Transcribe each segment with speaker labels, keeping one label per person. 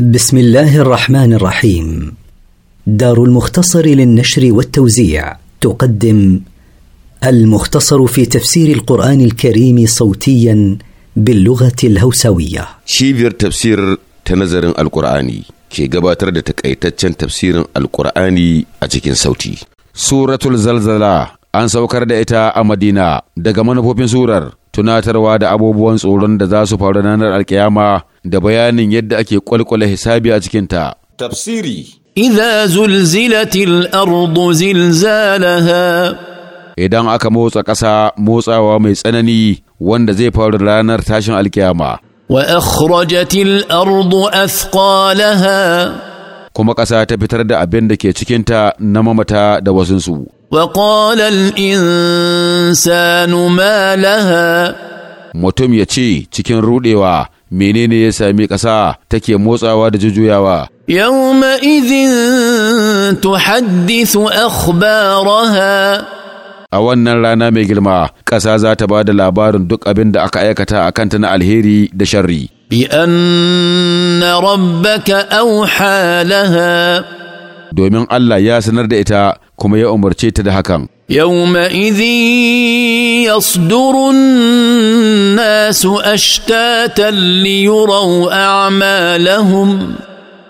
Speaker 1: بسم الله الرحمن الرحيم دار المختصر للنشر والتوزيع تقدم المختصر في تفسير القرآن الكريم صوتيا باللغة الهوسوية
Speaker 2: شيفير تفسير تنزر القرآني كي قباتر تكأيتتشن تفسير القرآني أجيكين صوتي سورة الزلزلة an saukar da ita a Madina daga manufofin surar tunatarwa da abubuwan tsoron da za su faru ranar alkiyama da bayanin yadda ake kwalkwala hisabi a cikinta.
Speaker 1: Tafsiri Iza zulzilatil ardu
Speaker 2: zilzalaha Idan aka motsa ƙasa motsawa mai tsanani wanda zai faru ranar tashin alkiyama.
Speaker 1: Wa akhrajatil ardu athqalaha
Speaker 2: Kuma ƙasa ta fitar da abin da ke cikinta na mamata da wasunsu.
Speaker 1: وقال الإنسان ما لها
Speaker 2: mutum ya ce cikin rudewa menene ya sami ƙasa take motsawa da jujjuyawa.
Speaker 1: Yawma idin tuhaddisu akhbaraha
Speaker 2: A wannan rana mai girma, ƙasa za ta ba da labarin duk abin da aka aikata a kanta na alheri da sharri.
Speaker 1: Bi anna rabbaka auha laha
Speaker 2: domin Allah ya sanar da ita kuma ya umarce ta da hakan.
Speaker 1: يومئذ يصدر ashtatan أشتاتا ليروا أعمالهم.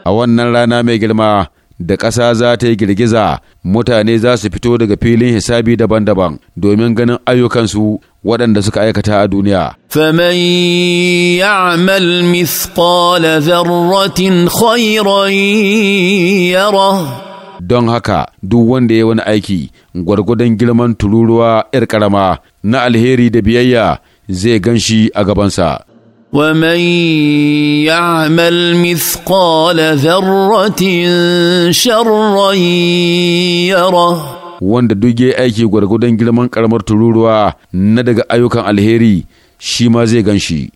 Speaker 2: a wannan rana mai girma da ƙasa za ta yi girgiza mutane za su fito daga filin hisabi daban-daban domin ganin ayyukansu waɗanda suka aikata a duniya.
Speaker 1: فمن يعمل مثقال ذرة خيرا يره
Speaker 2: don haka duk wanda ya wani aiki gwargwadon girman tururuwa 'yar ƙarama na alheri da biyayya zai gan shi a gabansa.
Speaker 1: ومن يعمل مثقال ذرة شرا يره
Speaker 2: wanda duk ya aiki gwargwadon girman karamar tururuwa na daga ayyukan alheri shi ma zai gan shi